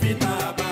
vida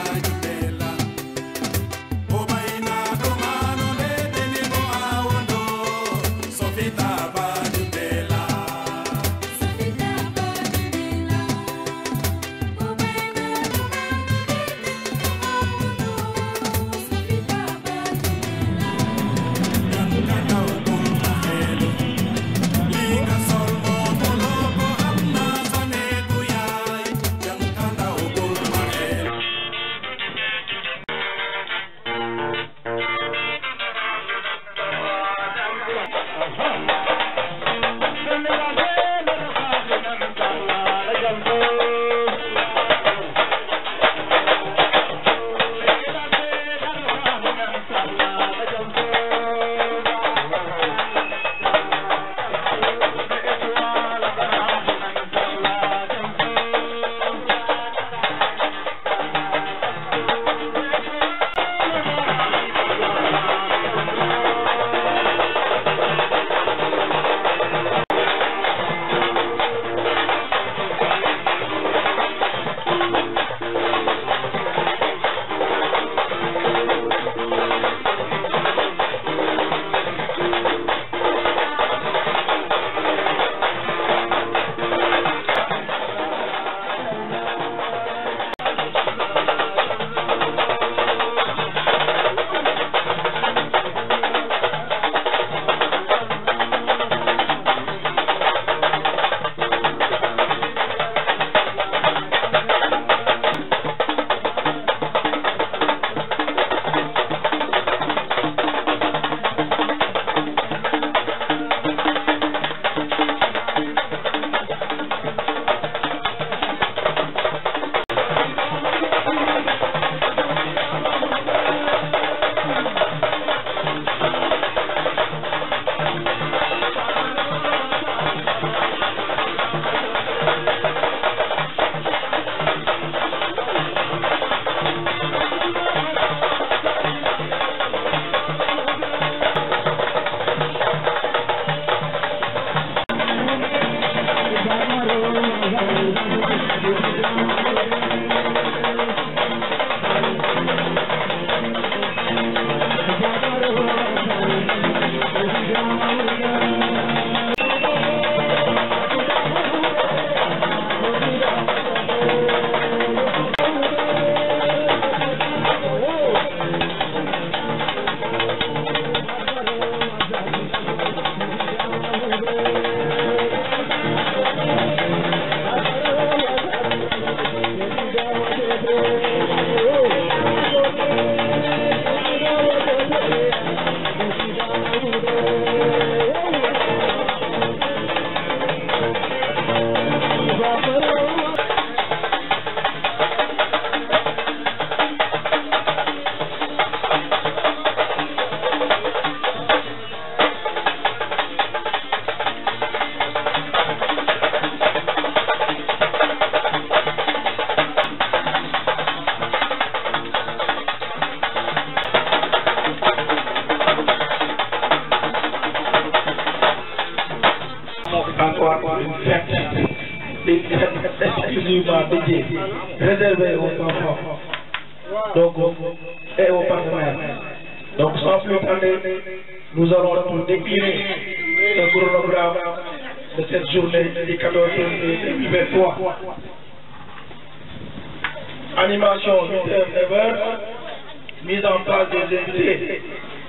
de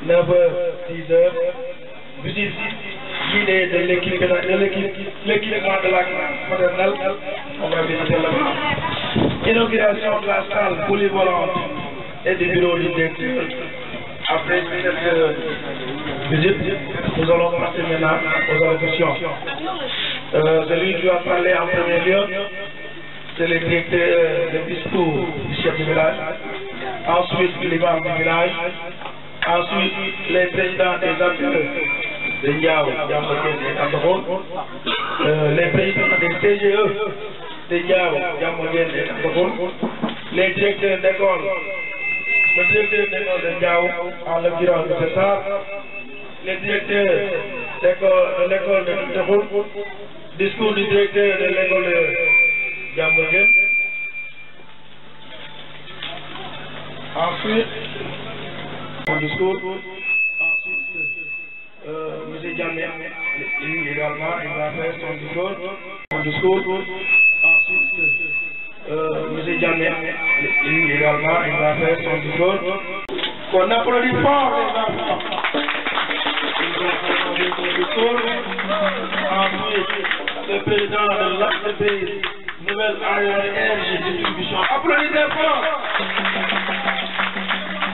9h, 10h, de l'équipe de la classe maternelle, on va visiter le bas Inauguration de la salle volantes et des bureaux du directeur. Après cette visite, nous allons passer maintenant aux allocutions. celui euh, qui va parler en premier lieu, c'est le directeur de discours du chef du village. ensuite l'imam du ensuite les présidents des APE de Ndiao, Diamaken et Tandoron, euh, les présidents e de Ndiao, Diamaken et le directeur d'école de Ndiao, en de César, de l'école de Ensuite, on discute. ensuite, euh, M. Djamer, lui également, il va faire son discours. ensuite, euh, M. également, il va faire son discours. applaudit fort les enfants. Ensuite, le président de l'ACP, nouvelle de distribution. Applaudissez fort.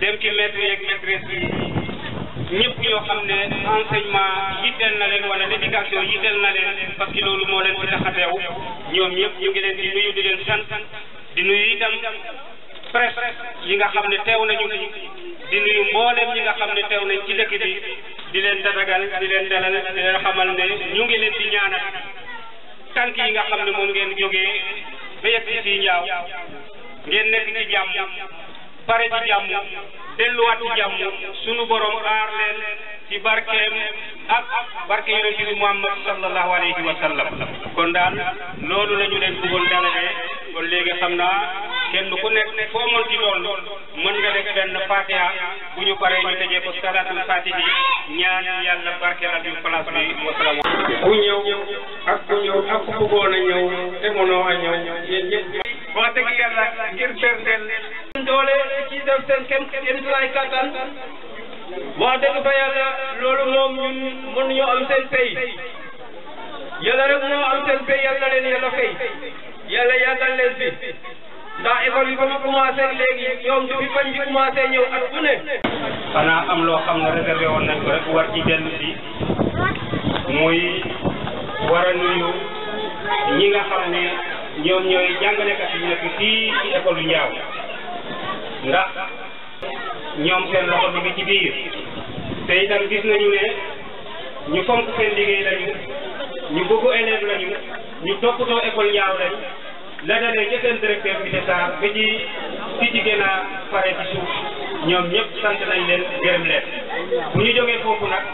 dem ci maître yeeg maîtresse yi ñëpp ñoo xam ne enseignement yitteel na leen wala éducation yitteel na leen parce que loolu moo leen fi tax a teew ñoom ñëpp ñu ngi leen di nuyu di leen sant di nuyu itam presse yi nga xam ne teew nañu fi di nuyu mboolem ñi nga xam ne tew nañ ci dëkk bi di leen dadagal di leen dalal di leen xamal ne ñu ngi leen di ñaanal tànk yi nga xam ne moom ngeen jógee ba yegg ci fii njaaw ngeen nekk ci jàmm. pare ci jàmm delluwaat ci jàmm sunu borom aar leen ci barkeem ak barke yonente bi Muhammad sallallahu alayhi wa sallam kon daal loolu la ñu leen bëggoon kon léegi xam naa kenn ku nekk foo mën ci doon mën nga def benn fatiha bu ñu paree ñu tëjee ko salaatul fatihi ñaan yàlla barkeelal ñu place bi wasalaamu ku ñëw ak ku ñëw ak ku bëggoon a ñëw te mënoo a ñëw wax dëgg yàlla ngir berndeel doole ci def seen kem yéen lay kattan wax dëgg fa yàlla loolu moom ñun mënuñoo am seen pay yàlla rek moo am seen pay yàlla leen yàlla fay yàlla yàggal leen fi ndax école bi ba mu commencé léegi ñoom depuis bañ bi commencé ñëw at bu ne xanaa am loo xam ne réservé woon nañ war ci dellu si muy war a nuyu ñi nga xam ne ñoom ñooy jàngalekat yi nekk fii ci école yu Njaaw ndax ñoom seen loxo bi ngi ci biir te itam gis nañu ne ñu fonk seen liggéey lañu ñu bëggu élève lañu ñu toppatoo école Njaaw lañ la dalee ca seen directeur bi de Sarr ba ci si ci gën a pare ci suuf ñoom ñëpp sant nañ leen gërëm leen bu ñu jógee foofu nag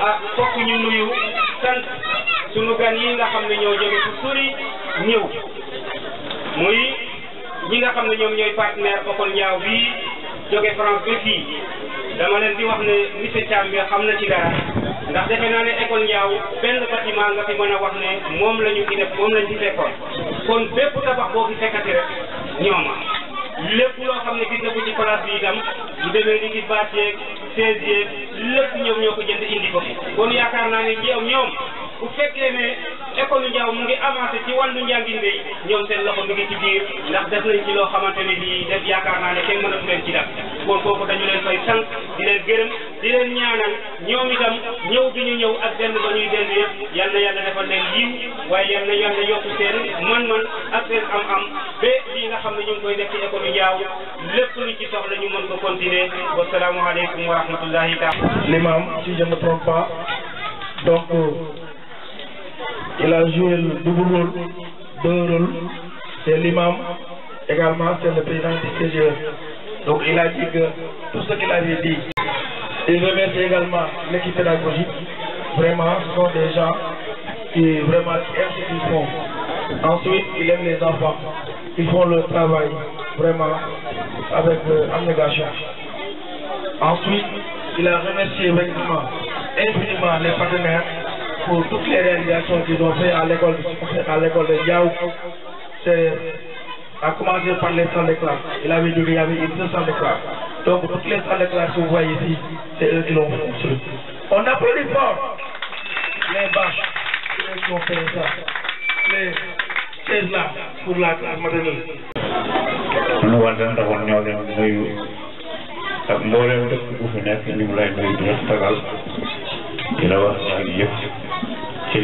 ah fokk ñu nuyu sant sunu gan yi nga xam ne ñoo jóge fu sori ñëw muy ñi nga xam ne ñoom ñooy partenaire Bokol Ñaaw bii jóge France ba fii dama leen di wax ne monsieur Thiam bi xam na ci dara ndax defe naa ne école Ñaaw benn bâtiment nga fi mën a wax ne moom la ñu ci def moom lañ ci fekkoon kon bépp tabax boo fi fekkati rek ñooma lépp loo xam ne gis na ko ci place bi itam lu demee ni ki bâche yeeg chaise yeeg lépp ñoom ñoo ko jënd indi ko fi kon yaakaar naa ne ñoom ñoom bu fekkee ne école Njaaw mu ngi avancé ci wàllu njàngin bi ñoom seen loxo mi ngi ci biir ndax def nañ ci loo xamante ne lii def yaakaar naa ne kenn mënatu leen ci dara moo foofu dañu leen koy sant di leen gërëm di leen ñaanal ñoom itam ñëw bi ñu ñëw ak denn ba ñuy denn yëpp yal na yàlla defal leen yiw waaye yal na nga xam ne ñu ngi koy def ci école Njaaw lépp lu ci soxla ñu l'imam si je ne donc il a joué le double rôle deux l'imam également c'est le président du Donc il a dit que tout ce qu'il avait dit, il remercie également l'équipe pédagogique. Vraiment, ce sont des gens qui vraiment aiment ce qu'ils font. Ensuite, il aime les enfants. Ils font le travail vraiment avec euh, Ensuite, il a remercié vraiment infiniment les partenaires pour toutes les réalisations qu'ils ont faites à l'école de Yao. C'est à commencer par les salles de classe. Il avait dit qu'il y avait une salle de classe. Donc toutes les salles de classe que vous voyez ici, c'est eux qui l'ont construit. On applaudit fort les bâches, c'est eux qui ont fait ça. Les chaises là pour la classe maternelle. ñu wante ndaxoon ñoo leen nuyu ak mbooleem dëkk bu fi nekk ñu lay la tagal di la wax ci yëpp ci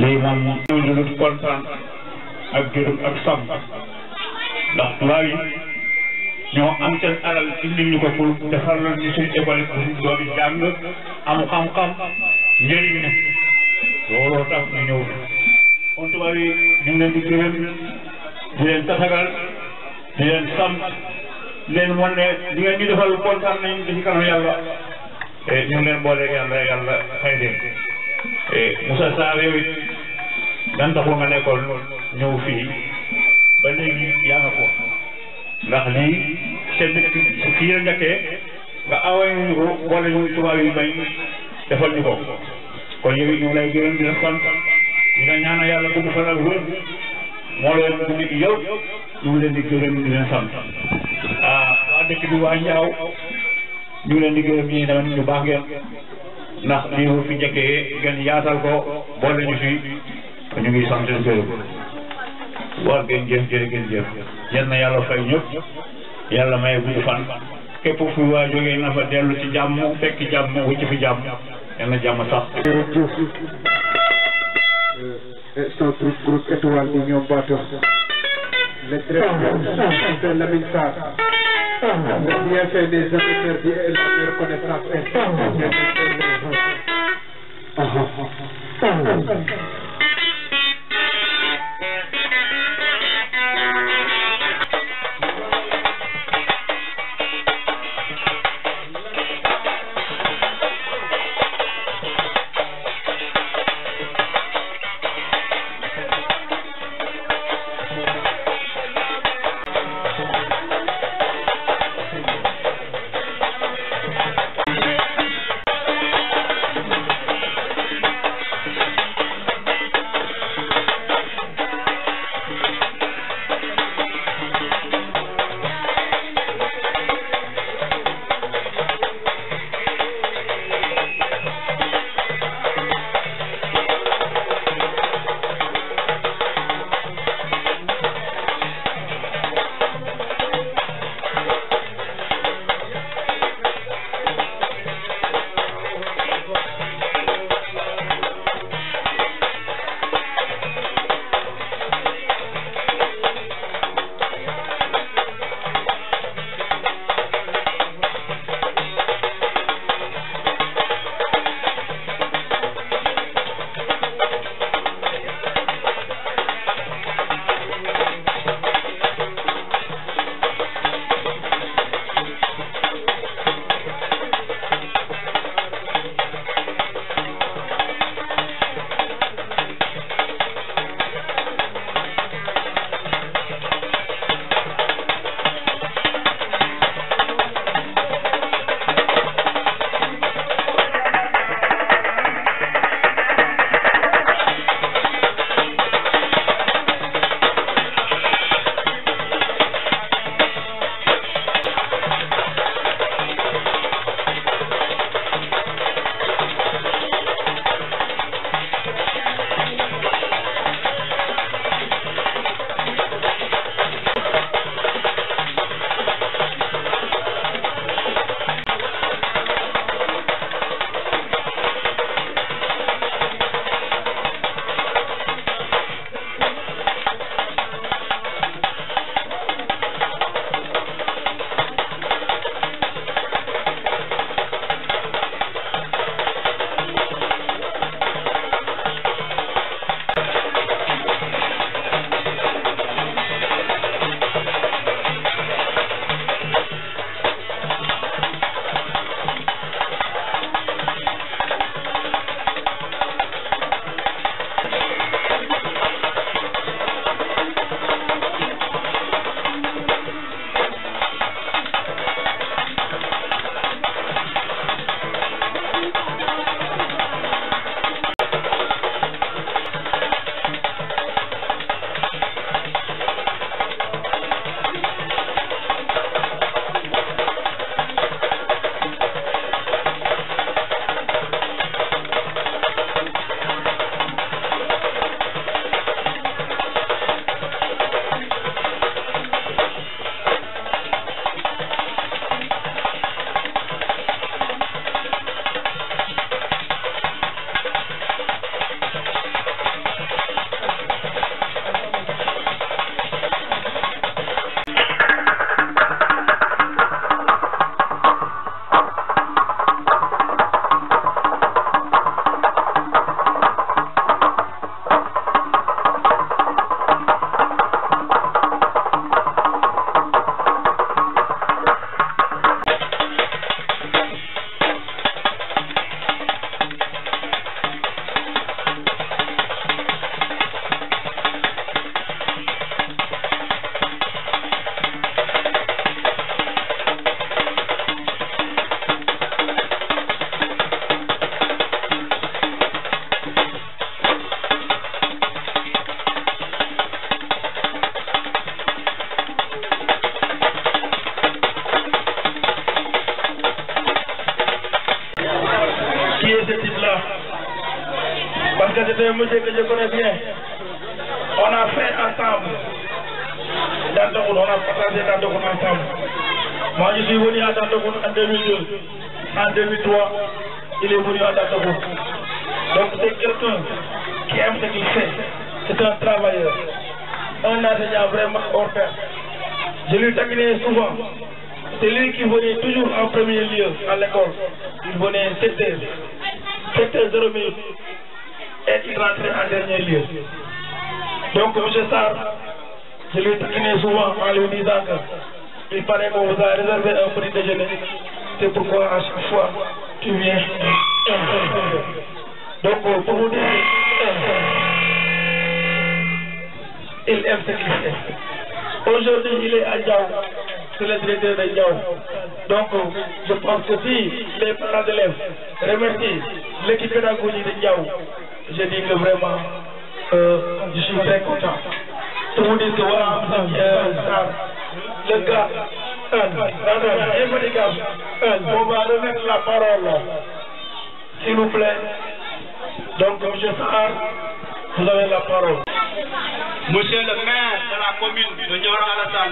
lii moom ñëw na lu kontaan ak gërëm ak sàmm ndax tubaab yi ñoo am seen alal indi ñu ko pour defar la ñu suñ école pour ñu doon jàng am xam-xam njëriñ na looloo tax ñu ñëw kon tubaab yi ñu ngi leen di gërëm di leen tasagal di leen sàmm leen wan ne li ngeen ñu defal kontaan nañ di ci kanam yàlla ñu ngi leen booleeg yàlla yàlla fay leen Eh, Moussa Sarr yow it lan tax lu nga nekkoon ñëw fii ba léegi yaa nga ko ndax lii seen su fii la njëkkee nga away ñu ko boole ñu tubaab yu bañ defal ñu ko kon yow it ñu lay gërëm di la sant di la ñaanal yàlla gudd fan ak wér moo leen bu nekk yow ñu ngi leen di gërëm di leen sant ah waa dëkk bi waa Njaaw ñu ngi leen di gërëm ñii tamit ñu baax ngeen ndax ni mu fi njëkkee gën yaatal ko boole ñu fi ñu ngi sant gërëm war ngeen jëf jërë ngeen jëf yal na yàlla fay ñëpp yàlla may bu ñu fan képp fu waa jógee na fa dellu ci jàmm fekk jàmm wucc fi jàmm yal na jàmm sax 好好好，んふんふん、ふん música de Je l'ai n'est souvent en lui disant qu'il paraît qu'on vous a réservé un prix de générique. C'est pourquoi à chaque fois, tu viens. Donc, pour vous dire, il aime ce qu'il Aujourd'hui, il est à Diao. C'est le directeur de Diao. Donc, je pense que si les parents d'élèves remercient l'équipe pédagogique de Diao, je dis que vraiment, euh, je suis très content tout dit le on va remettre la parole, s'il vous plaît. Donc, M. Sahar, vous avez la parole. Monsieur le maire de la commune de niora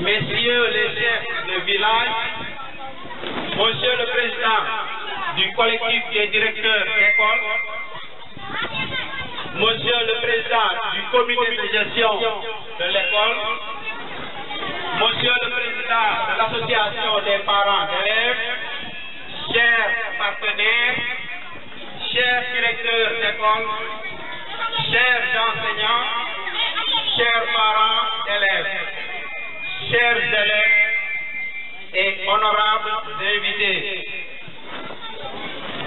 messieurs les chefs de village, monsieur le président du collectif est directeur d'école, Monsieur le Président du comité de gestion de l'école, Monsieur le Président de l'Association des parents d'élèves, chers partenaires, chers directeurs d'école, chers enseignants, chers parents d'élèves, chers élèves et honorables invités.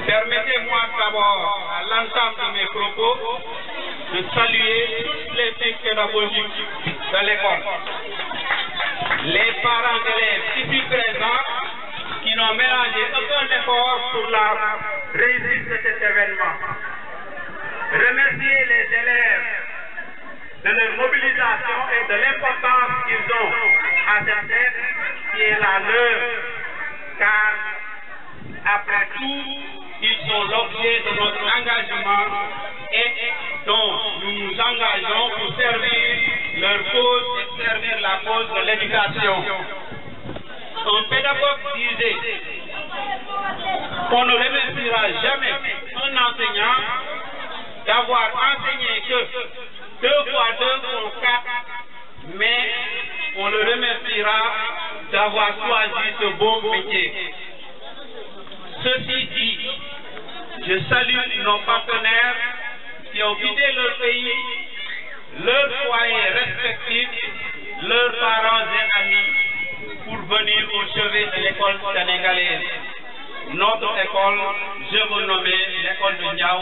Permettez-moi d'abord, à l'ensemble de mes propos, de saluer tous les équipes pédagogiques de l'école. Les parents d'élèves sont présents qui n'ont mélangé aucun effort pour la réussite de cet événement. Remercier les élèves de leur mobilisation et de l'importance qu'ils ont à cette tête qui est la leur, car après tout, ils sont l'objet de notre engagement et dont nous nous engageons pour servir leur cause et servir la cause de l'éducation. Un pédagogue disait qu'on ne remerciera jamais un enseignant d'avoir enseigné que deux fois deux font quatre, mais on le remerciera d'avoir choisi ce bon métier. Ceci dit, je salue nos partenaires qui ont quitté leur pays, leurs foyers respectifs, leurs parents et amis pour venir au chevet de l'école sénégalaise. Notre école, je vous nommais l'école de Niaou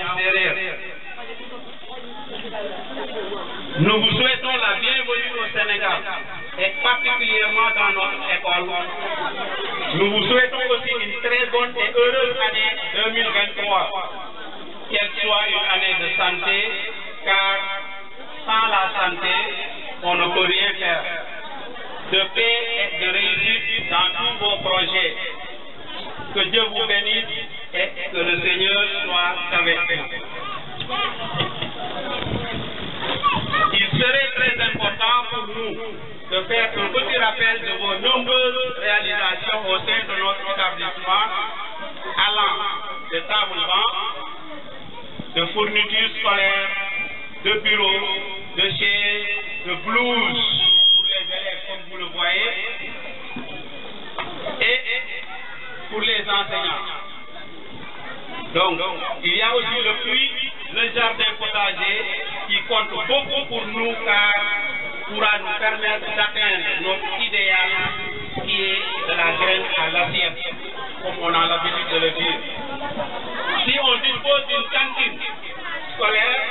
Nous vous souhaitons la bienvenue au Sénégal et particulièrement dans notre école. Nous vous souhaitons aussi une très bonne et heureuse année 2023, qu'elle soit une année de santé, car sans la santé, on ne peut rien faire. De paix et de réussite dans tous vos projets. Que Dieu vous bénisse et que le Seigneur soit avec vous. Il serait très important pour nous de faire un petit rappel de vos nombreuses réalisations au sein de notre établissement, allant de table de fournitures scolaires, de bureaux, de chaises, de blouses pour les élèves comme vous le voyez, et pour les enseignants. Donc, il y a aussi le fruit, le jardin potager, qui compte beaucoup pour nous car pourra nous permettre d'atteindre notre idéal qui est de la graine à l'assiette, comme on a l'habitude de le dire. Si on dispose d'une cantine scolaire,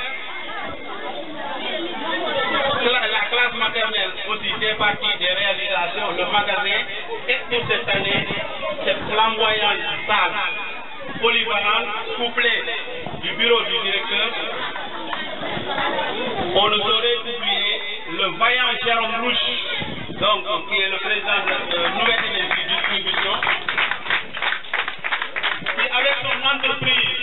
la classe maternelle aussi fait partie des réalisations, de magasin, et pour cette année, c'est flamboyant, ça polyvalent, couplé du bureau du directeur, on nous aurait oublier le vaillant Jérôme Rouche, donc, qui est le président de euh, Nouvelle Énergie Distribution, qui avec son entreprise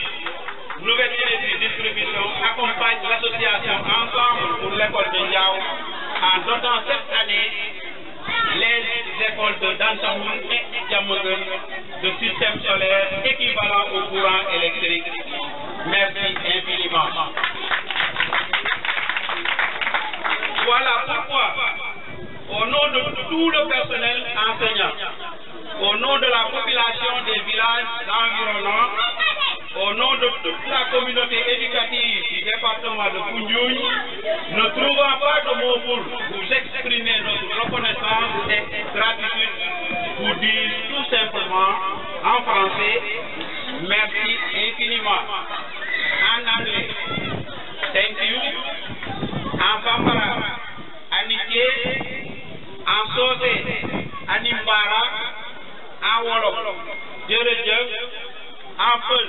Nouvelle Énergie Distribution accompagne l'association Ensemble pour l'école de Yao, en donnant cette année les écoles de Dantamoun et de système solaire équivalent au courant électrique. Merci infiniment. Voilà pourquoi, au nom de tout le personnel enseignant, au nom de la population des villages environnants, au nom de toute la communauté éducative du département de Koundioui, ne trouvant pas de mots pour vous exprimer notre reconnaissance et gratitude vous dire tout simplement en français merci infiniment. En anglais, thank you. En bambara, anike. En sauté, animbara. En wolof, dieu-le-dieu. En peul,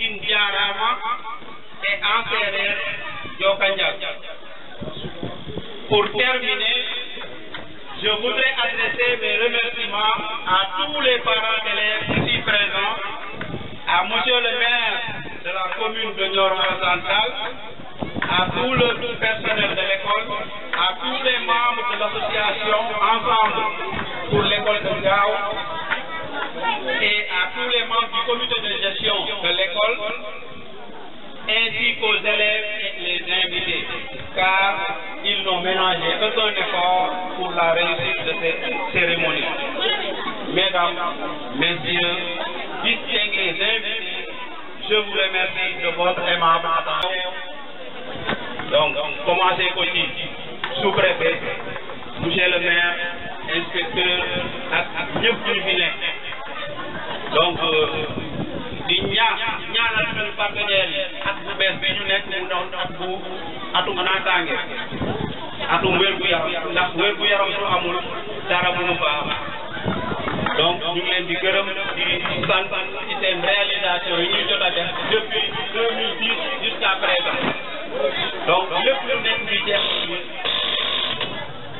indiarama. Et en serrer, yokanjak. Pour terminer, je voudrais adresser mes remerciements à tous les parents d'élèves ici présents, à Monsieur le maire de la commune de saint oriental à tout le personnel de l'école, à tous les membres de l'association Ensemble pour l'école de Gao et à tous les membres du comité de gestion de l'école ainsi qu'aux élèves et les invités, car ils n'ont mélangé aucun effort pour la réussite de cette cérémonie. Mesdames, Messieurs, distingués invités, je vous remercie de votre aimable attention. Donc, commencez ici sous-préfet, monsieur le maire, inspecteur, à Donc, euh, di ñaax ñaanal suñu partenaire yi at bu bees bi ñu nekk mu doon at bu atum naataange atum wér-gu-yaram ndax wér-gu-yaram su amul dara mënu baax donc ñu ngi leen di gërëm di sant ci seen réalisation yi ñuy jot a def depuis 2010 jusqu'à présent donc lépp lu nekk di def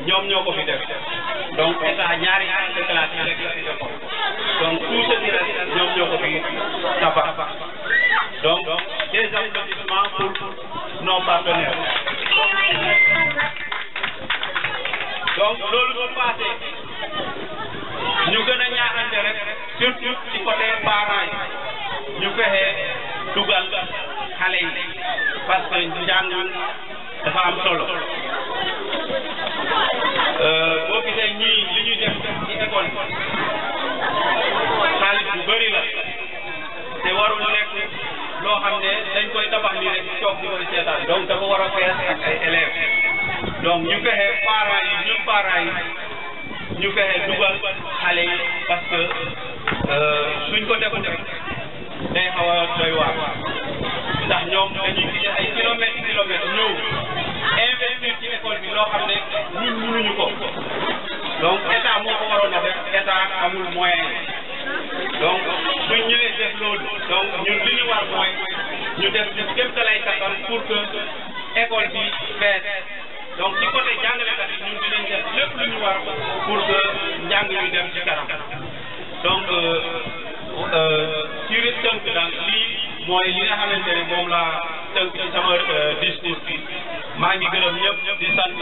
ñoom ñoo ko fi def donc état ñaari classes yi rek la fi defoon donc tout ce qui reste ñoom ñoo ko fi tabax donc des applaudissements pour nos partenaires. donc loolu bu passé ñu gën a ñaaxante rek surtout ci côté parents yi ñu fexe dugal xale yi parce que njàng dafa am solo euh, boo gisee ñuy li ñuy def ci école xaalis bu bëri la te warul nekk loo xam ne dañ koy tabax nii rek toog di koy seetaan donc dafa war a fees ak ay élèves donc ñu fexe parents yi ñun parents yi ñu fexe dugal xale yi parce que euh, suñ ko deful day xaw a doy waar ndax ñoom dañuy gis ay kilomètres kilomètres ñëw investir ci école bi loo xam ne ñun mënuñu ko donc état moo ko waroon a def état amul moyen donc suñ ñëwee def loolu donc ñun li ñu war mooy ñu def ñu képp ka lay kattan pour que école bi fees donc ci côté jàngalekat yi ñun dinañ def lépp lu ñu war pour que njàng ñu dem ci kanam donc. Euh, ci euh, tënk daal lii mooy li nga xamante ne moom laa tënk ci sama discours euh, bi maa ngi gërëm ñëpp di sant.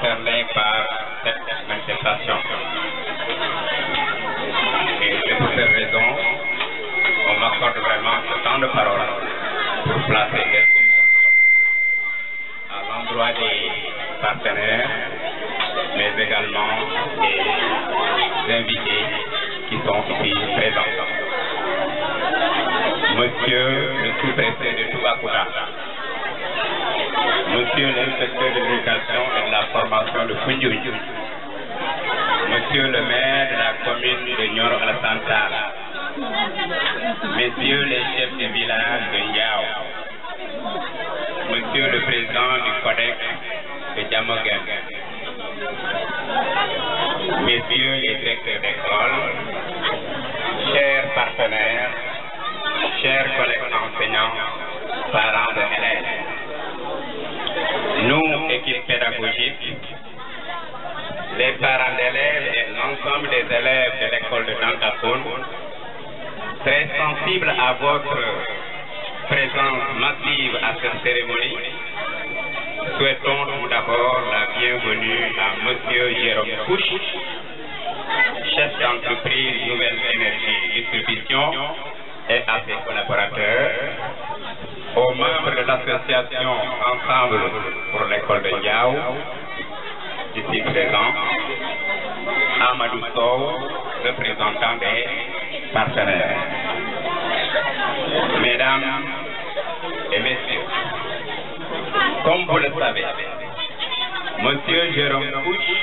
par cette manifestation. Et c'est pour cette raison qu'on m'accorde vraiment ce temps de parole pour placer à l'endroit des partenaires, mais également des invités qui sont ici présents. Monsieur le sous-préfet de Monsieur l'inspecteur de l'éducation et de la formation de Foundiouille, Monsieur le maire de la commune de Nyoro santara Messieurs les chefs de village de Yao, Monsieur le président du collègue de Djamogen, Messieurs les directeurs d'école, chers partenaires, chers collègues enseignants, parents de pédagogique, les parents d'élèves et l'ensemble des élèves de l'école de Dantapoun, très sensibles à votre présence massive à cette cérémonie, souhaitons tout d'abord la bienvenue à M. Jérôme Couch, chef d'entreprise Nouvelle Énergie Distribution et à ses collaborateurs, aux membres de l'association Ensemble pour l'école de Yao, d'ici présent, Amadou Sow, représentant des partenaires. Mesdames et messieurs, comme vous le savez, Monsieur Jérôme Couch,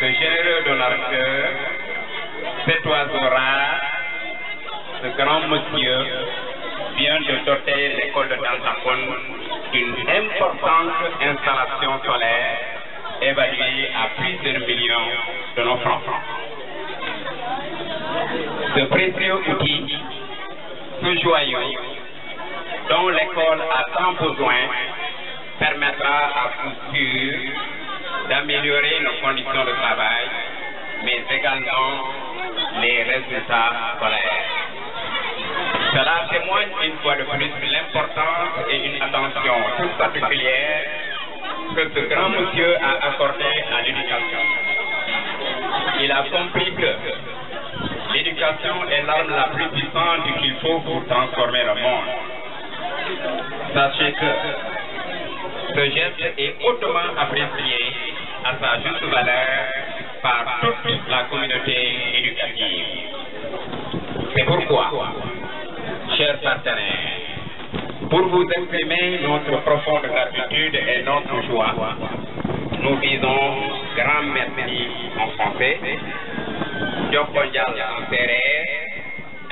ce généreux donateur, cet oiseau rare, ce grand monsieur vient de doter l'école de d'une importante installation solaire évaluée à plusieurs millions de nos francs. Ce précieux outil, ce joyau, dont l'école a tant besoin, permettra à Couture d'améliorer nos conditions de travail, mais également les résultats scolaires. Cela témoigne une fois de plus l'importance et une attention toute particulière que ce grand monsieur a accordé à l'éducation. Il a compris que l'éducation est l'arme la plus puissante qu'il faut pour transformer le monde. Sachez que ce geste est hautement apprécié à sa juste valeur par toute la communauté éducative. C'est pourquoi chers partenaires, pour vous exprimer notre profonde gratitude et notre joie, nous disons grand merci en français, Djokonjal en Ferrer,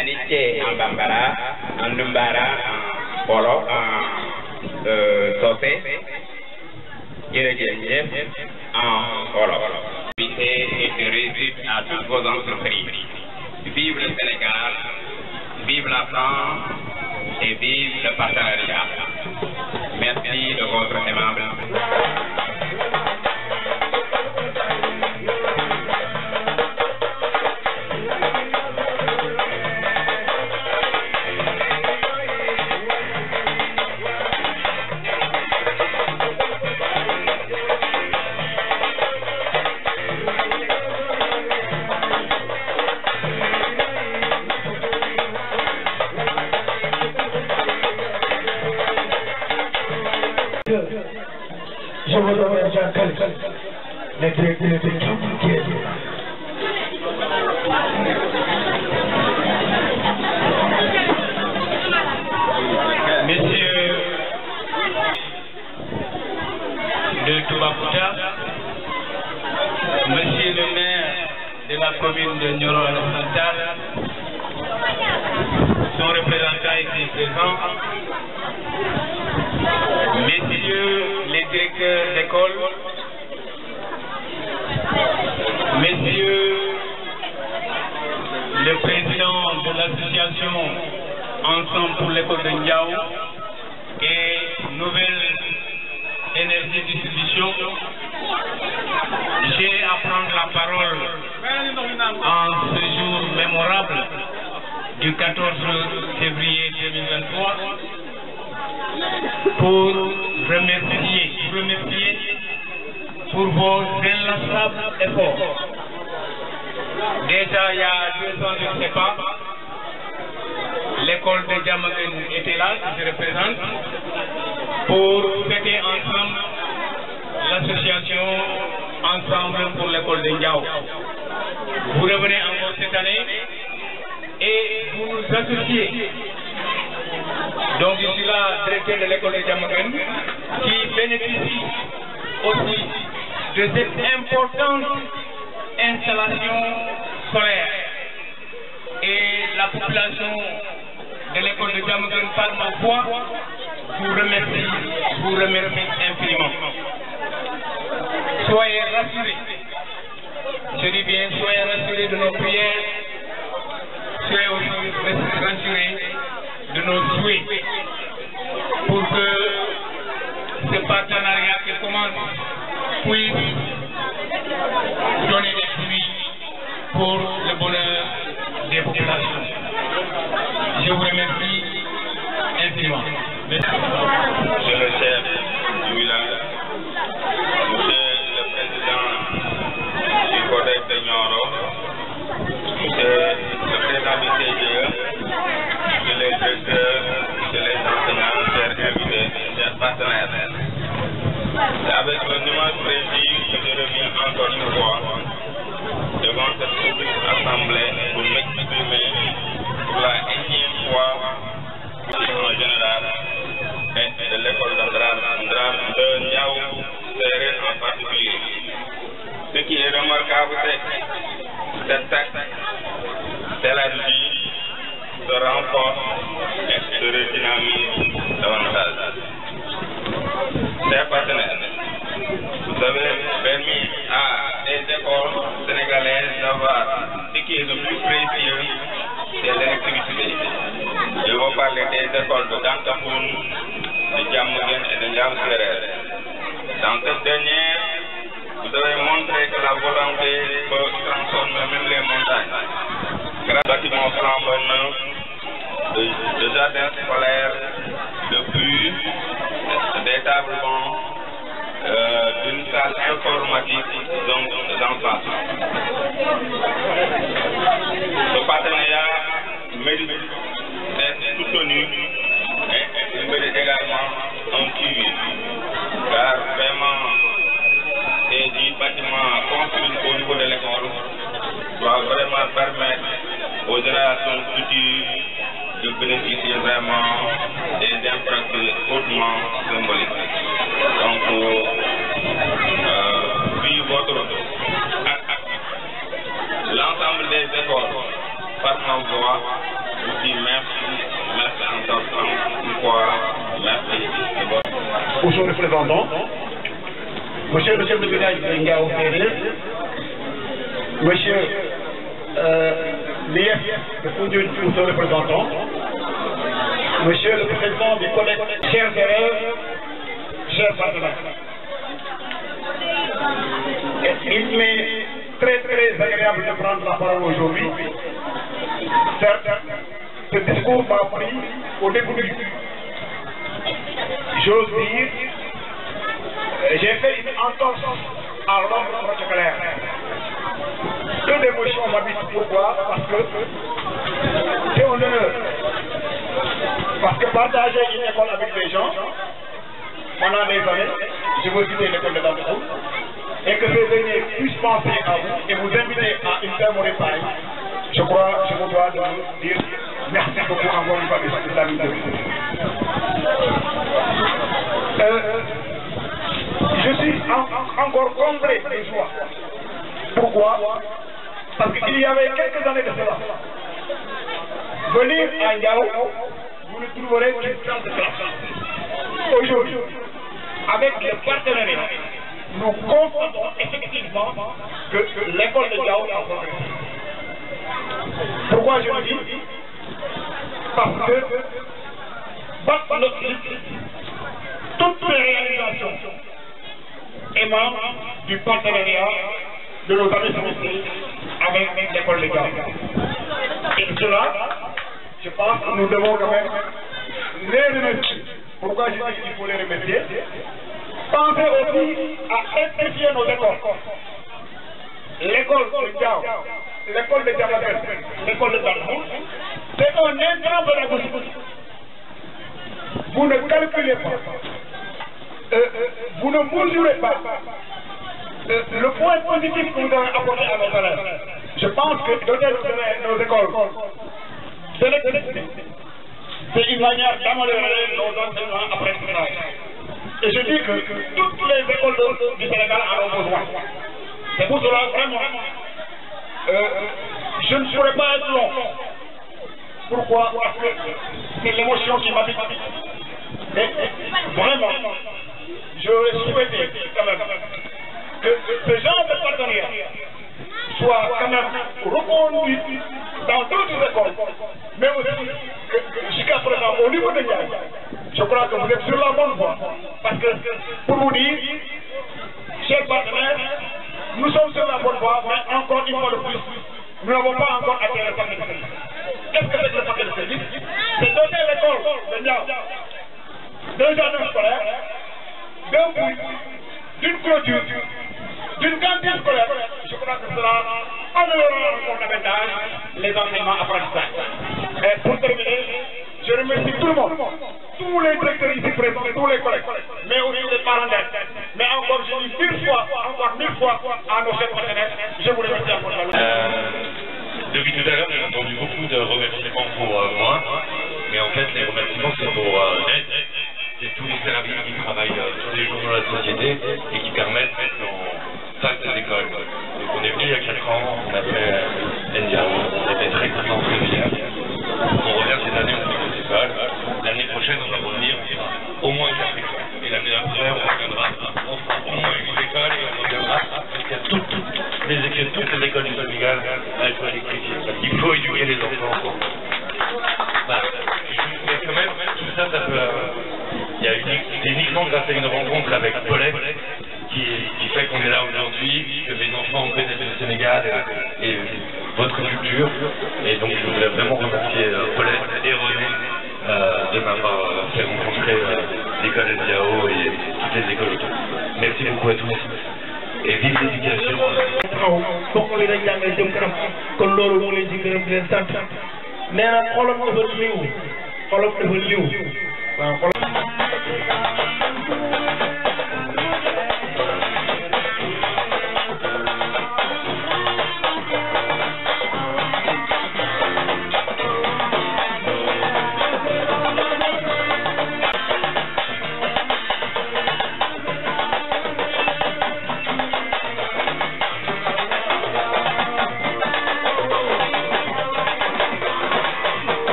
Anité en Bambara, en Numbara en Polo, en euh, Sosé, en Polo. Et de réussite à toutes vos entreprises. Vive le Sénégal, Vive la France et vive le partenariat. Merci de votre aimable. so we don't get the, the, the, Monsieur le chef du village, monsieur le président du collège de Nioro, monsieur le président du CGE, monsieur les directeurs, monsieur les enseignants, chers invités, partenaires. avec Monsieur le président je reviens encore une fois devant cette assemblée pour m'exprimer pour la énième fois général de l'école de Niaou, Serré en particulier. Ce qui est remarquable, c'est cette la vie, se renforce et se redynamise davantage. Chers partenaires, vous avez permis à des écoles sénégalaises d'avoir ce qui est le plus précieux, c'est l'électricité. Je vous parler des écoles de Dantapoun, de et de Dans cette dernière, vous avez montré que la volonté peut transformer même les montagnes. Grâce à bâtiment nous neuf, de, de jardins scolaires, de puits, d'établissements, euh, d'une classe informatique, donc j'en Ce partenariat mérite d'être soutenu il mérite également un cuivre, car vraiment, et du bâtiment construit au niveau de l'école doit vraiment permettre aux générations futures de bénéficier vraiment des impacts hautement symboliques. Donc, euh, euh votre l'ensemble des écoles par je vous dit merci Aujourd'hui, nous représentons Monsieur le chef de village de Ngao Périen, Monsieur euh, l'IF le Foundioun, nous le représentants, Monsieur le président des collègues, chers élèves, chers partenaires. Il m'est très très agréable de prendre la parole aujourd'hui. Certes, ce discours m'a pris au dépourvu. J'ose dire, j'ai fait une entorse à l'ombre protocolaire. Deux d'émotions m'habitent. Pourquoi Parce que c'est honneur. Parce que partager une école avec des gens, pendant des années, je vous citer l'école de Bantou, et que ces aînés puissent penser à vous et vous inviter à une au pareille, je crois, je vous dois de vous dire merci beaucoup encore une fois, mes la Euh, je suis encore comblé de joie. Pourquoi Parce qu'il y avait quelques années de cela. Venir à Yao, vous ne trouverez qu'une de cela. Aujourd'hui, avec les partenaires, nous comprenons effectivement que l'école de Yao a là. Pourquoi je le dis parce que battre le toutes les réalisations émanent du partenariat de nos amis français avec les collègues. Et cela, je pense que nous devons quand même les remercier. Pourquoi je dis qu'il faut les remercier Pensez aussi à étudier nos écoles l'école de l'école de Diababel, l'école de Darfour, c'est un la gauche. Vous ne calculez pas, euh, euh vous ne mesurez pas euh, le point positif que vous avez apporté à nos élèves. Je pense que donner nos écoles c'est c'est une manière d'améliorer nos enseignements après Et je dis que toutes les écoles du Sénégal en ont besoin. C'est pour cela, vraiment, euh, je ne saurais pas être long. Pourquoi c'est l'émotion qui m'habite. Vraiment, je souhaitais quand même que ce genre de partenariat soit quand même reconduit dans d'autres écoles, mais aussi jusqu'à présent au niveau des guerres, Je crois que vous êtes sur la bonne voie. Parce que, pour vous dire, pas partenaires, nous sommes sur la bonne voie, mais encore une fois de plus, nous n'avons pas encore atteint le paquet de Qu'est-ce que c'est que le paquet de C'est donner l'école de deux scolaires, deux d'une clôture, d'une cantine scolaire. Je crois que cela améliorera le fondamental les enseignements apprentissages. Et pour terminer, je remercie tout le monde, tous les directeurs ici présents, tous les collègues, mais aussi les parents Mais encore, je dis mille fois, encore mille fois à nos chefs partenaires, je vous remercie à votre euh, Depuis tout à l'heure, j'ai entendu beaucoup de remerciements pour euh, moi, mais en fait, les remerciements, c'est pour euh, l'aide. C'est tous les services qui travaillent euh, tous les jours dans la société et qui permettent qu'on fasse d'école. école. Donc, on est venu il y a 4 ans, on a fait India, euh, on était très très très fiers, On revient cette année, L'année prochaine, on va revenir au moins quatre école, Et l'année après on reviendra au moins une école et on reviendra à toutes, les écoles, du Sénégal à être électrifiées. Il faut éduquer les enfants. Mais quand même, tout ça, ça peut. Il y a c'est uniquement grâce à une rencontre avec Paulette qui, fait qu'on est là aujourd'hui, que mes enfants ont pénétré le Sénégal et, votre culture. Et donc, je voudrais vraiment remercier euh, Paulette et René rencontrer euh, euh, l'école et toutes les écoles Merci beaucoup à tous et vive l'éducation.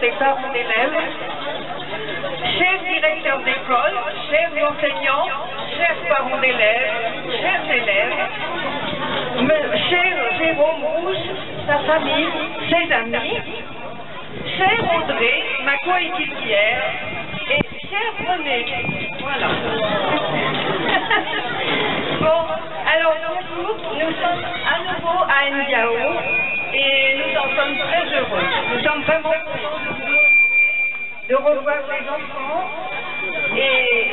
des parents d'élèves, chers directeurs d'école, chers enseignants, chers parents d'élèves, chers élèves, cher Jérôme Rouge, sa famille, ses amis, cher André, ma coéquipière, et cher René. Voilà. bon, alors nous sommes à nouveau à Ndiao et nous en sommes très heureux. Nous sommes vraiment contents de revoir les enfants. Et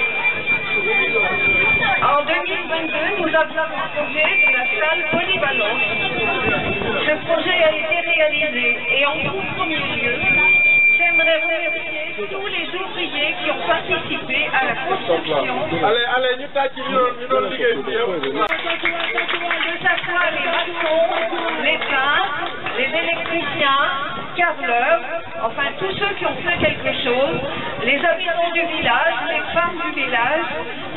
en 2022, nous avons le projet de la salle polyvalente. Ce projet a été réalisé et en tout premier lieu, j'aimerais remercier tous les ouvriers qui ont participé à la construction. Allez, allez, nous nous les maçons, les peintres, les électriciens, carleurs, enfin tous ceux qui ont fait quelque chose, les habitants du village, les femmes du village,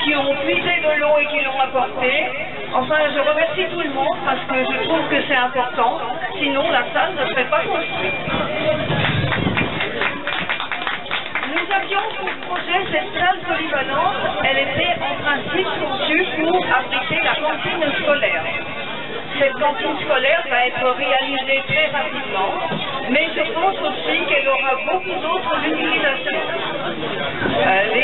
qui ont puisé de l'eau et qui l'ont apporté. Enfin, je remercie tout le monde parce que je trouve que c'est important, sinon la salle ne serait pas construite. Nous avions pour projet cette salle polyvalente. Elle était en principe conçue pour abriter la cantine scolaire cette cantine scolaire va être réalisée très rapidement, mais je pense aussi qu'elle aura beaucoup d'autres utilisations. Euh,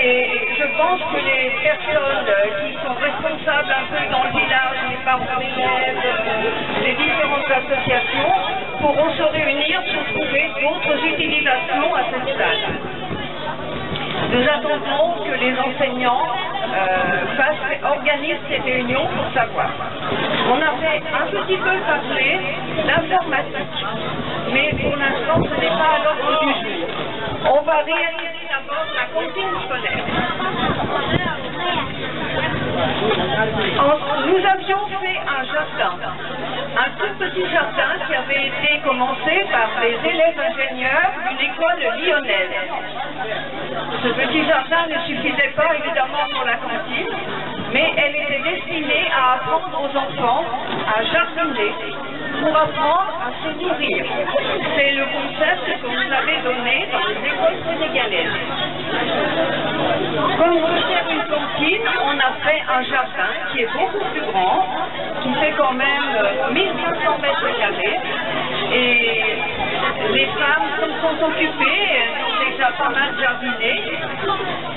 je pense que les personnes euh, qui sont responsables un peu dans le village, les parents d'élèves, euh, les différentes associations, pourront se réunir pour trouver d'autres utilisations à cette salle. Nous attendons que les enseignants euh, fasse, organise ces réunions pour savoir. On fait un petit peu papier, d'informatique, mais pour l'instant ce n'est pas à l'ordre du jour. On va réaliser d'abord la consigne scolaire nous avions fait un jardin, un tout petit jardin qui avait été commencé par les élèves ingénieurs d'une école lyonnaise. Ce petit jardin ne suffisait pas évidemment pour la cantine, mais elle était destinée à apprendre aux enfants à jardiner pour apprendre à se nourrir. C'est le concept que vous avez donné dans les écoles sénégalaises. Quand on veut faire une cantine, on a fait un jardin qui est beaucoup plus grand, qui fait quand même 1500 mètres carrés les femmes sont, sont occupées, elles ont déjà pas mal jardiné.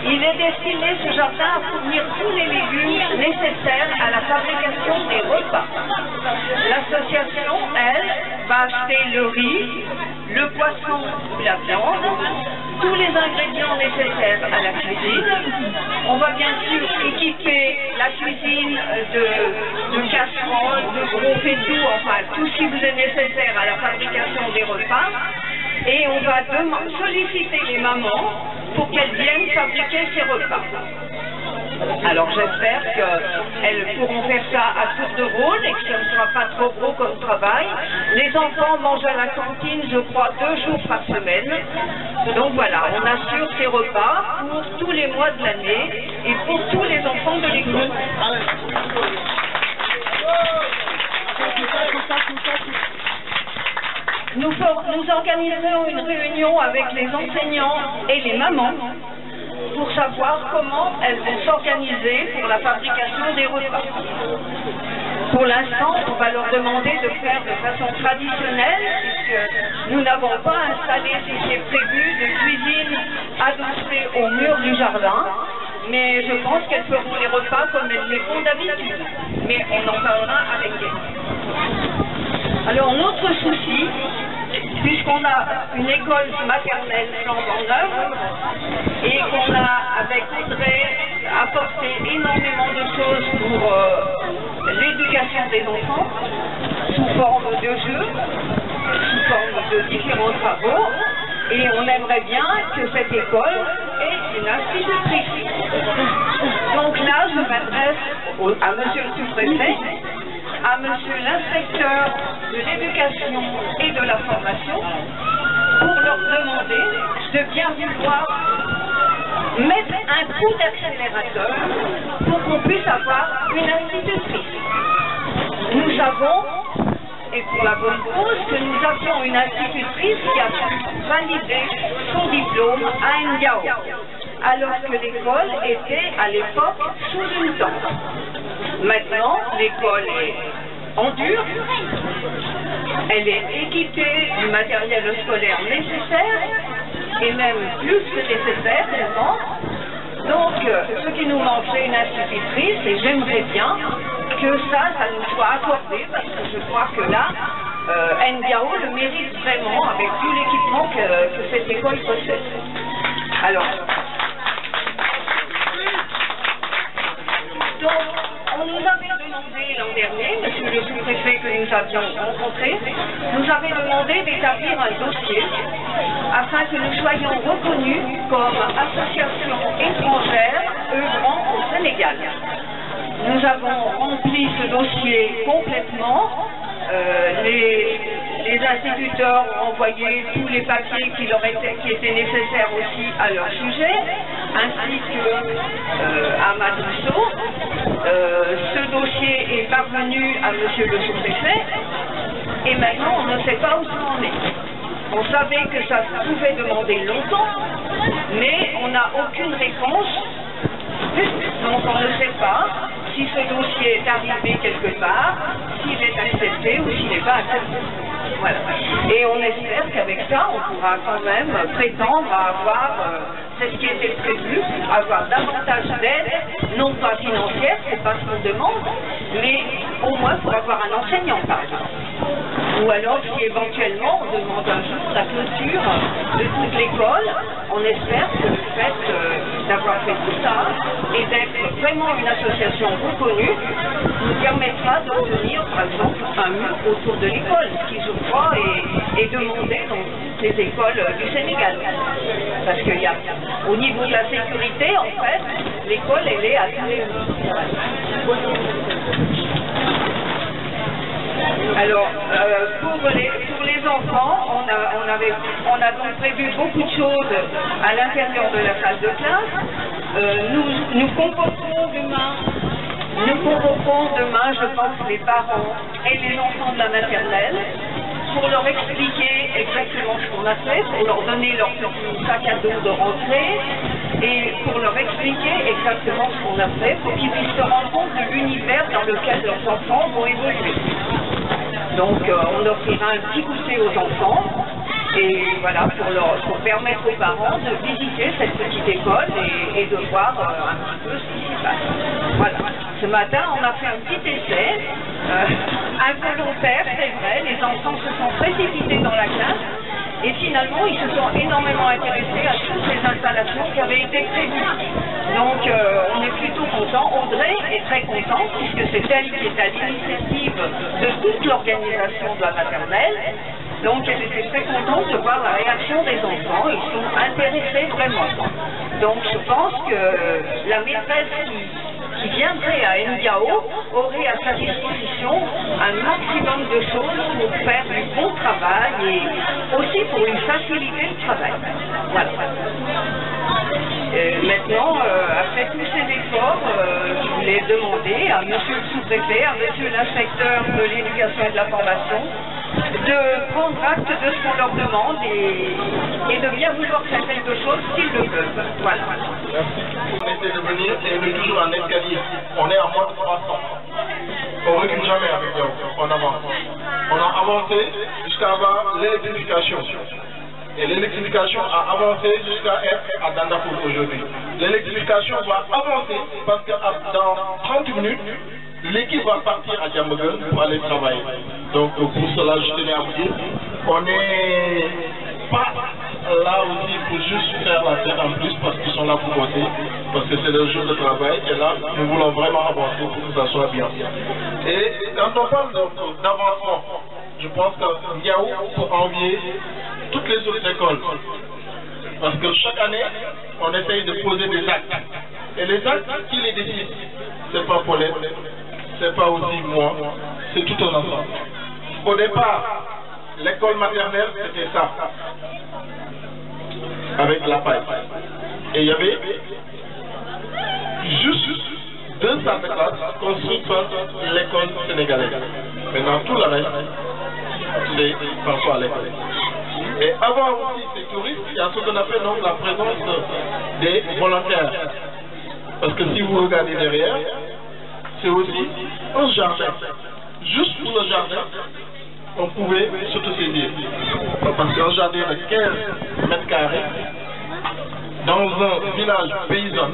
Il est destiné ce jardin à fournir tous les légumes nécessaires à la fabrication des repas. L'association, elle, va acheter le riz, le poisson ou la viande, tous les ingrédients nécessaires à la cuisine. On va bien sûr équiper la cuisine euh, de, casseroles, de gros en enfin tout ce qui vous est nécessaire à la fabrication des repas. Et on va solliciter les mamans pour qu'elles viennent fabriquer ces repas. Alors j'espère qu'elles pourront faire ça à tour de rôle et que ce ne sera pas trop gros comme travail. Les enfants mangent à la cantine, je crois, deux jours par semaine. Donc voilà, on assure ces repas pour tous les mois de l'année et pour tous les enfants de l'école. Nous, nous organiserons une réunion avec les enseignants et les mamans pour savoir comment elles vont s'organiser pour la fabrication des repas. Pour l'instant, on va leur demander de faire de façon traditionnelle, puisque nous n'avons pas installé, qui est prévu, de cuisine adossée au mur du jardin, mais je pense qu'elles feront les repas comme elles les font d'habitude. Mais on en parlera avec elles. Alors, autre souci, puisqu'on a une école maternelle en œuvre et qu'on a, avec Audrey, apporté énormément de choses pour euh, l'éducation des enfants sous forme de jeux, sous forme de différents travaux. Et on aimerait bien que cette école ait une institutrice. Donc là, je m'adresse à Monsieur le sous-préfet à monsieur l'inspecteur de l'éducation et de la formation pour leur demander de bien vouloir mettre un coup d'accélérateur pour qu'on puisse avoir une institutrice. Nous avons, et pour la bonne cause, que nous avons une institutrice qui a validé son diplôme à Ndiao alors que l'école était à l'époque sous une tente. Maintenant, l'école est en dur, elle est équipée du matériel scolaire nécessaire et même plus que nécessaire, vraiment. Donc, euh, ce qui nous manque, c'est une institutrice et j'aimerais bien que ça, ça nous soit accordé parce que je crois que là, euh, le mérite vraiment avec tout l'équipement que, que cette école possède. Alors, on nous avait demandé l'an dernier, monsieur le sous-préfet que nous avions rencontré, nous avait demandé d'établir un dossier afin que nous soyons reconnus comme association étrangère œuvrant au Sénégal. Nous avons rempli ce dossier complètement. Euh, les, instituteurs ont envoyé tous les papiers qui étaient nécessaires aussi à leur sujet ainsi que euh, à Madrousseau. Euh, ce dossier est parvenu à Monsieur le sous-préfet et maintenant on ne sait pas où on en est. On savait que ça pouvait demander longtemps, mais on n'a aucune réponse. Donc on ne sait pas si ce dossier est arrivé quelque part, s'il est accepté ou s'il n'est pas accepté. Et on espère qu'avec ça, on pourra quand même prétendre à avoir... Euh, c'est ce qui était prévu, avoir davantage d'aide, non pas financière, c'est pas ce qu'on demande, mais au moins pour avoir un enseignant par exemple. Ou alors si éventuellement on demande un jour la clôture de toute l'école, on espère que le fait euh, d'avoir fait tout ça et d'être vraiment une association reconnue nous permettra d'obtenir par exemple un mur autour de l'école, qui je crois est, demandé dans les écoles du Sénégal. Parce qu'il y a au niveau de la sécurité, en fait, l'école, elle est à tous euh, Alors, euh, pour, les, pour les enfants, on a, on, a donc prévu beaucoup de choses à l'intérieur de la salle de classe. Euh, nous, nous nous demain, je pense, les parents et les enfants de la maternelle pour leur expliquer exactement ce qu'on a fait, pour leur donner leur sac à dos de rentrée et pour leur expliquer exactement ce qu'on a fait, pour qu'ils puissent se rendre compte de l'univers dans lequel leurs enfants vont évoluer. Donc euh, on offrira un petit goûter aux enfants et voilà pour, leur, pour permettre aux parents de visiter cette petite école et, de voir euh, un petit peu ce qui se passe. Voilà. Ce matin, on a fait un petit essai euh, involontaire, c'est vrai. Les enfants se sont précipités dans la classe et finalement, ils se sont énormément intéressés à toutes les installations qui avaient été prévues. Donc, euh, on est plutôt content. Audrey est très contente puisque c'est elle qui est à l'initiative de toute l'organisation de la maternelle. Donc, elle était très contente de voir la réaction des enfants. Ils sont intéressés vraiment. Donc, je pense que la maîtresse qui qui viendrait à Ngao aurait à sa disposition un maximum de choses pour faire du bon travail et aussi pour une facilité de travail. Voilà. Euh, maintenant, euh, après tous ces efforts, euh, je voulais demander à M. le sous-préfet, à M. l'inspecteur de l'éducation et de la formation, de prendre acte de ce qu'on leur demande et, de bien vouloir faire quelque chose s'ils le peuvent. Voilà. On essaie de venir et on est toujours en escalier. On est à moins de 300. On ne recule jamais avec eux. On avance. On a avancé jusqu'à avoir l'électrification. Et l'électrification a avancé jusqu'à être à Dandapour aujourd'hui. L'électrification va avancer parce que dans 30 minutes, L'équipe va partir à Cameroun pour aller travailler. Donc pour cela, je tenais à vous dire, qu'on n'est pas là aussi pour juste faire la tête en plus parce qu'ils sont là pour voter, parce que c'est le jour de travail et là, nous voulons vraiment avancer pour que ça soit bien. Et quand on parle d'avancement, je pense que Yahoo pour envier toutes les autres écoles. Parce que chaque année, on essaye de poser des actes. Et les actes, qui les décide C'est pas pour les c'est pas aussi moi, c'est tout un ensemble. Au départ, l'école maternelle, c'était ça, avec la paille. Et il y avait juste deux salles de classe construites par l'école sénégalaise. Maintenant, tout le reste, les parfois à l'école. Et avant aussi ces touristes, il y a ce qu'on appelle donc la présence des volontaires. Parce que si vous regardez derrière, c'est aussi un jardin. Juste pour le jardin, on pouvait s'autosaisir. Parce qu'un jardin de 15 mètres carrés, dans un village paysan,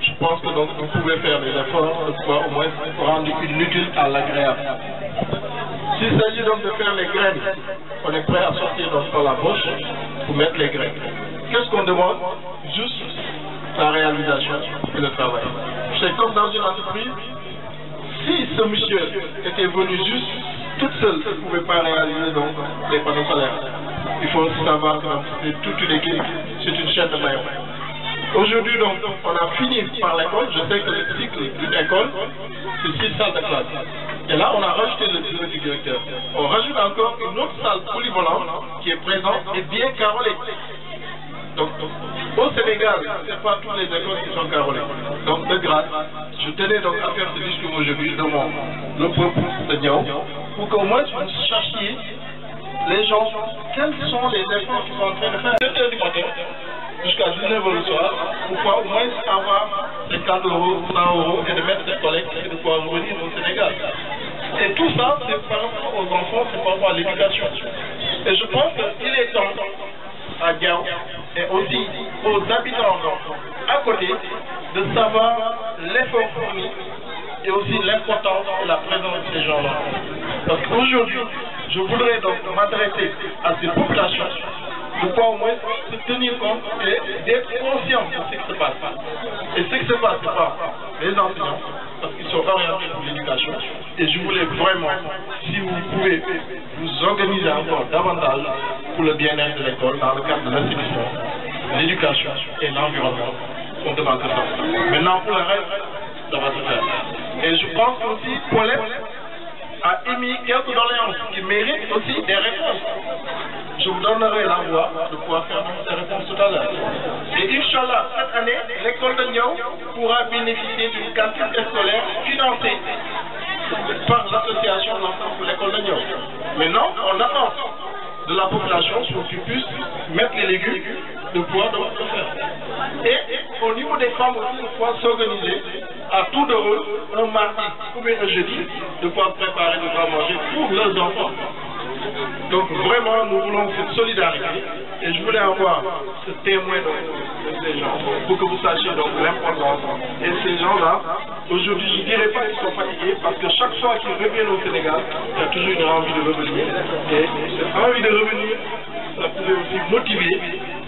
je pense que donc on pouvait faire des efforts pour au moins rendre utile à l'agréable. S'il s'agit donc de faire les graines, on est prêt à sortir dans la bouche pour mettre les graines. Qu'est-ce qu'on demande Juste la réalisation et le travail. C'est comme dans une entreprise, si ce monsieur était venu juste toute seule, il ne pouvait pas réaliser donc les panneaux solaires. Il faut savoir que c'est toute une équipe, c'est une chaîne de maillot. Aujourd'hui, donc, on a fini par l'école. Je sais que le cycle d'une école, c'est six salles de classe. Et là, on a rajouté le bureau du directeur. On rajoute encore une autre salle polyvalente qui est présente et bien carrelée. Donc, au Sénégal, ce n'est pas tous les écoles qui sont carolées. Donc, de grâce, je tenais donc à faire ce discours aujourd'hui devant le peuple Seigneur pour qu'au moins vous cherchiez les gens, quels sont les efforts qui sont en train de faire de 7h du matin jusqu'à 19h le soir, pour pouvoir au moins avoir les 4 euros, 100 euros et de mettre des collègues et de pouvoir revenir au Sénégal. Et tout ça, c'est par rapport aux enfants, c'est par rapport à l'éducation. Et je pense qu'il est temps à Diao et aussi aux habitants à côté de savoir l'effort fourni et aussi l'importance de la présence de ces gens-là. Donc je voudrais donc m'adresser à cette populations pour au moins se tenir compte et d'être conscient de ce qui se passe. Et ce qui se passe, c'est pas les enfants. parce l'éducation. Et je voulais vraiment, si vous pouvez vous organiser encore davantage pour le bien-être de l'école dans le cadre de l'institution, l'éducation et l'environnement, on demande ça. Maintenant, pour le reste, ça va se faire. Et je pense aussi, Paulette a émis quelques doléances qui méritent aussi des réponses je vous donnerai la voie de pouvoir faire ces réponses tout à l'heure. Et Inch'Allah, cette année, l'école de pourra bénéficier d'une quantité scolaire financée par l'association de l'enfant pour l'école de Nyon. Maintenant, on attend de la population pour qu'ils puissent mettre les légumes de pouvoir dans le faire. Et au niveau des femmes aussi, on pouvoir s'organiser à tout de un mardi ou bien un jeudi, de pouvoir préparer de pouvoir manger pour leurs enfants. Donc vraiment, nous voulons cette solidarité et je voulais avoir ce témoin de ces gens pour que vous sachiez donc l'importance. Et ces gens-là, aujourd'hui, je ne dirais pas qu'ils sont fatigués parce que chaque fois qu'ils reviennent au Sénégal, il y a toujours une envie de revenir. Et cette envie de revenir, ça pouvait aussi motiver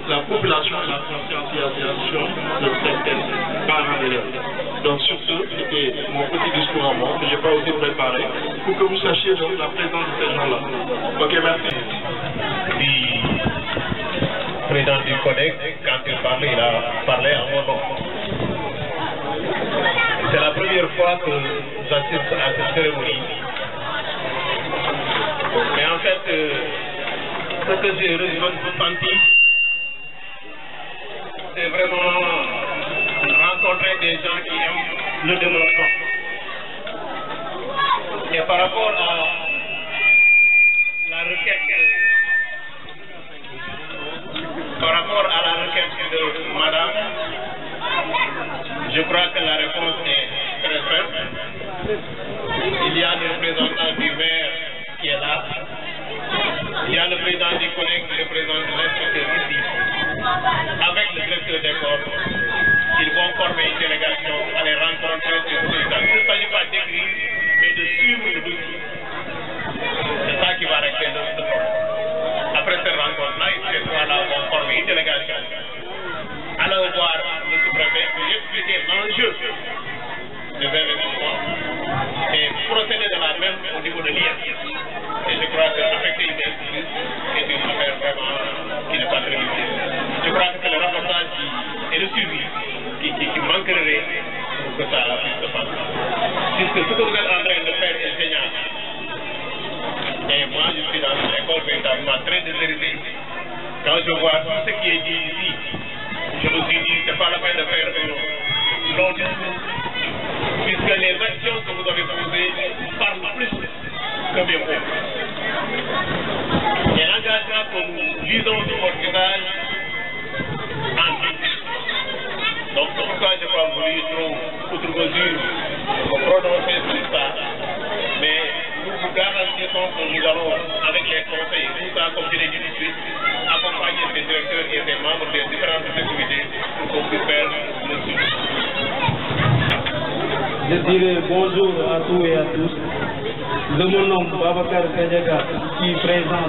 la population et la conscientisation de certains parents donc sur ce, c'était mon petit discours à moi que je n'ai pas aussi préparé pour que vous sachiez la présence de ces gens-là. Ok, merci. Le président du Codex, quand il parlait, il a parlé à mon nom. C'est la première fois que j'assiste à cette cérémonie. Mais en fait, euh, ce que j'ai ressenti, c'est vraiment rencontrer des gens qui aiment le développement. Et par rapport à la requête, par rapport à la requête de madame, je crois que la réponse est très simple. Il y a le représentant du maire qui est là. Il y a le président du collègue, qui président de ici, avec le directeur corps. Ils vont former une délégation à les rencontrer ces présidents. Il ne s'agit pas d'écrire, mais de suivre le dossier. C'est ça qui va régler ce problème. Après cette rencontre-là, ils là vont former une délégation. Allons voir le sous-préfet pour expliquer l'enjeu de l'événement et procéder de la même au niveau de l'IA. Et je crois que affecter une délégation est une affaire vraiment qui n'est pas très difficile. Je crois que c'est le rapportage et le suivi qui, qui, qui manquerait pour que ça puisse se passer. Puisque ce que vous êtes en train de faire, enseignant, et moi je suis dans une école de très déshéritée, quand je vois tout ce qui est dit ici, je me suis dit, ce n'est pas la peine de faire de long puisque les actions que vous avez posées parlent plus que mes mots. Et l'engagement que nous lisons sur votre en donc tout ça, je n'ai pas voulu trop outre mesure prononcer sur ça. Mais nous vous garantissons que nous allons, avec les conseils, tout ça, comme je l'ai dit tout de suite, accompagner ces directeurs et ces membres des différentes activités pour qu'on puisse faire le suivi. Je dirais bonjour à tous et à tous. De mon nom, Babacar Kadjaga, qui est présent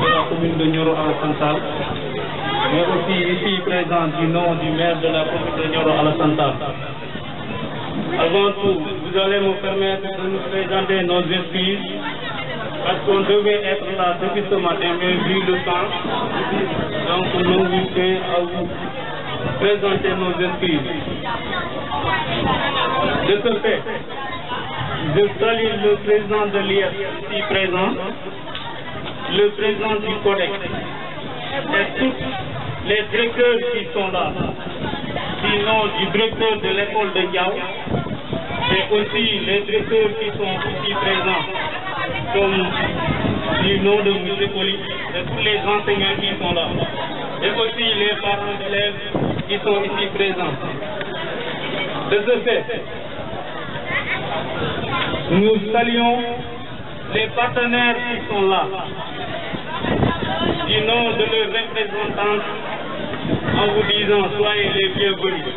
de la commune de Nyoro à la Santal mais aussi ici présent du nom du maire de la commune de Nioro Alassanta. Avant tout, vous allez me permettre de nous présenter nos esprits parce qu'on devait être là depuis ce matin, mais vu le temps, donc nous vous à vous présenter nos esprits. De ce fait, je salue le président de l'IRC ici présent, le président du codex, et les directeurs qui sont là, sinon du directeur de l'école de Gao, et aussi les directeurs qui sont ici présents, comme du nom de M. politique, et tous les enseignants qui sont là, et aussi les parents d'élèves qui sont ici présents. De ce fait, nous saluons les partenaires qui sont là, du nom de leurs représentants en vous disant soyez les bienvenus.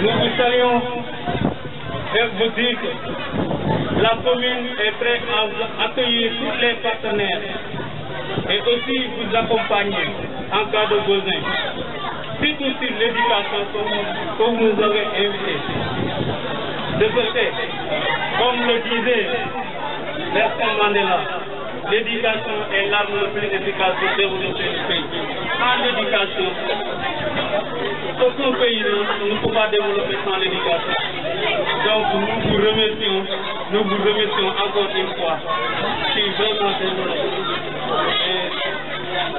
Nous vous saluons et vous dire que la commune est prête à accueillir tous les partenaires et aussi vous accompagner en cas de besoin. c'est aussi l'éducation que vous avez invité. De ce fait, comme le disait Nelson Mandela, l'éducation est l'arme la plus efficace pour développer le pays. Sans l'éducation, aucun pays ne, ne peut pas développer sans l'éducation. Donc nous vous remercions, nous vous remercions encore une fois. Je vraiment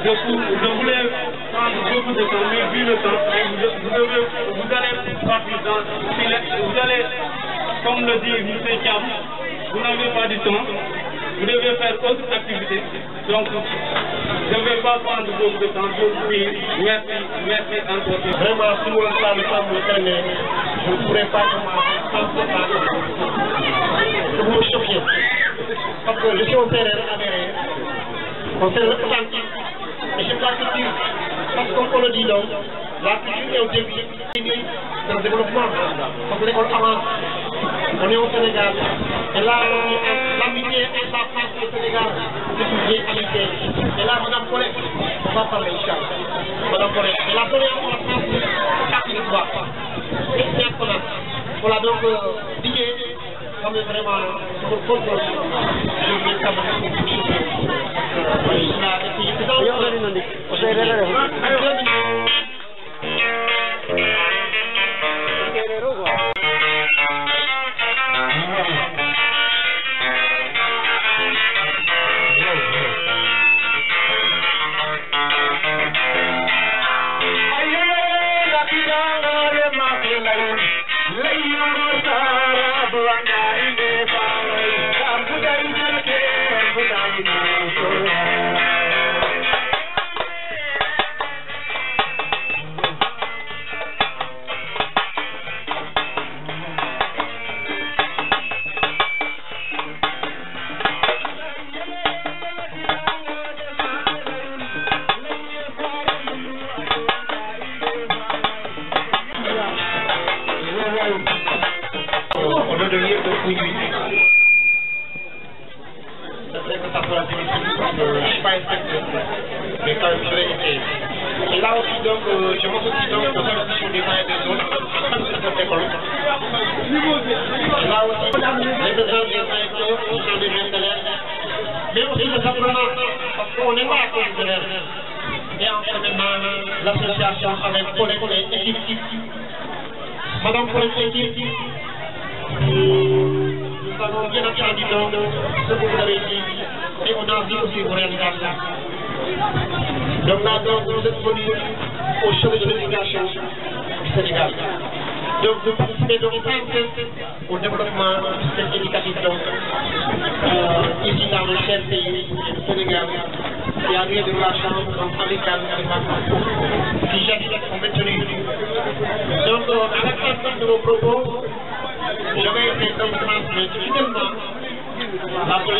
Je, voulais prendre beaucoup de temps, mais vu le temps, vous, devez, vous allez partir dans, vous allez, comme le dit M. Cap, vous n'avez pas du temps vous devez faire autre activité. Donc, je ne vais pas prendre beaucoup de temps pour merci, merci encore. Vraiment, si vous nous pas ensemble, je ne pourrais pas commencer sans vous parler. Vous Parce que je suis un terrain avéré, un terrain Et je crois que parce qu'on le dit donc, la culture est au début de le développement. Parce avance. On est au Sénégal. Et là, l'amitié est là. Sénégal depuis vieille amitié. Et là, Madame Colette, on va parler, Inch'Allah. Madame Colette, c'est la première fois qu'on a transmis carte de droit. Christian Colette. Voilà donc, euh, Didier, ça me vraiment euh, sur le contrôle. Je vais quand même vous dire. Euh, il a été président. বিরতি করে আসলাম Donald Trump বলিয়ে ওষুধ দিকে আসেন সেনেগাল যোগ পাকিস্তানে যোগ ওটা বড় মা সেটি কাটিত ইসলাম সেন্টি সেনেগাল ইয়ারিয়ে দিল আসাম কোম্পানি কাল কালমান সিজাটিটা কমেন্টারি যোগ আরেকটা কিন্তু প্রভু সবাই একদম ট্রান্সলেট ইদেন বা তারপরে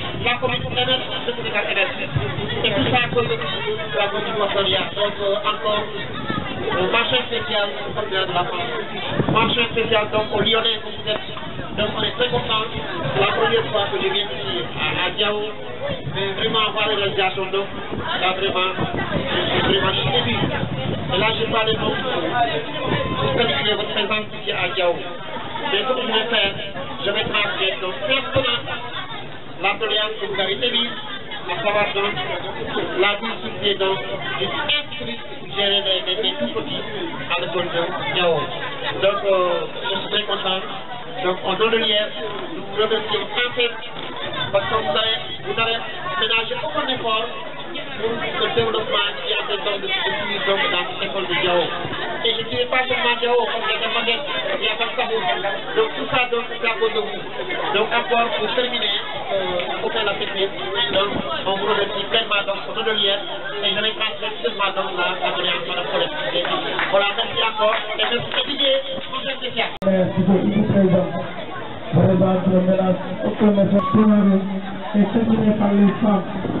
la commune Prénel, le Sénégal énergie. Et tout ça à cause de la contribution Donc euh, encore, euh, marché spécial le commune de la France. Marché spécial donc aux Lyonnais, comme vous êtes. Donc on est très content. C'est la première fois que je viens ici à, à Diao. Mais vraiment avoir une réalisation donc, là vraiment, je suis vraiment chez Et là je parle donc euh, pour qualifier votre présence ici à Diao. Mais ce que je vais faire, je vais transmettre donc personnellement la tolérance, solidarité la savation, la discipline, l'instruit, gérer les, les, les tout petits à l'école de Yao. Donc, euh, je suis très content. Donc, on donne le lien, nous remercions en fait, parce que vous avez, vous avez ménagé aucun effort le développement qui a besoin de se suivre donc dans cette de Diao. Et je ne dirais pas seulement Diao, comme j'ai demandé, il y a pas Barsabou. Donc tout ça, donc, c'est à cause de vous. Donc encore, pour terminer, euh, aucun la technique, donc on vous remercie pleinement donc, pour de lien et je n'ai vais transmettre seulement donc à venir de la collectivité. Voilà, merci encore et je merci Didier pour cette question. Merci beaucoup, Président. Je Président, je remercie. Aucun message primaire et terminer par les femmes.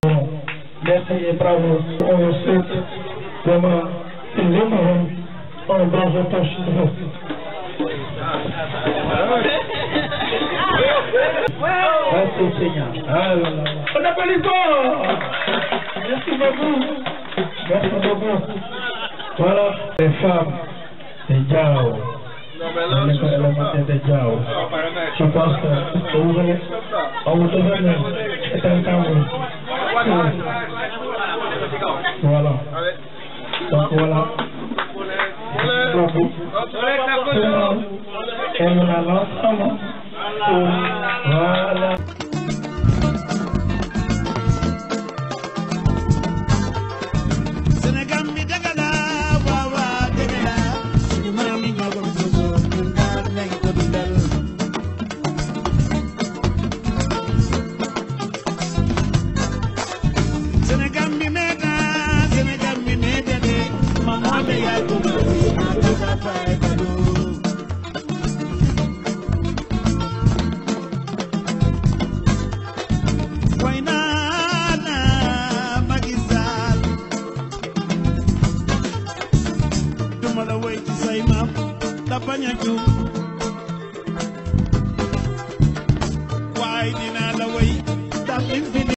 Дете е правил a дома и Лимон, он база точно в Merci Seigneur. On n'a pas les corps. Merci beaucoup. Merci beaucoup. Voilà les femmes, les Jao. Je pense que vous allez, on Que donne un temps.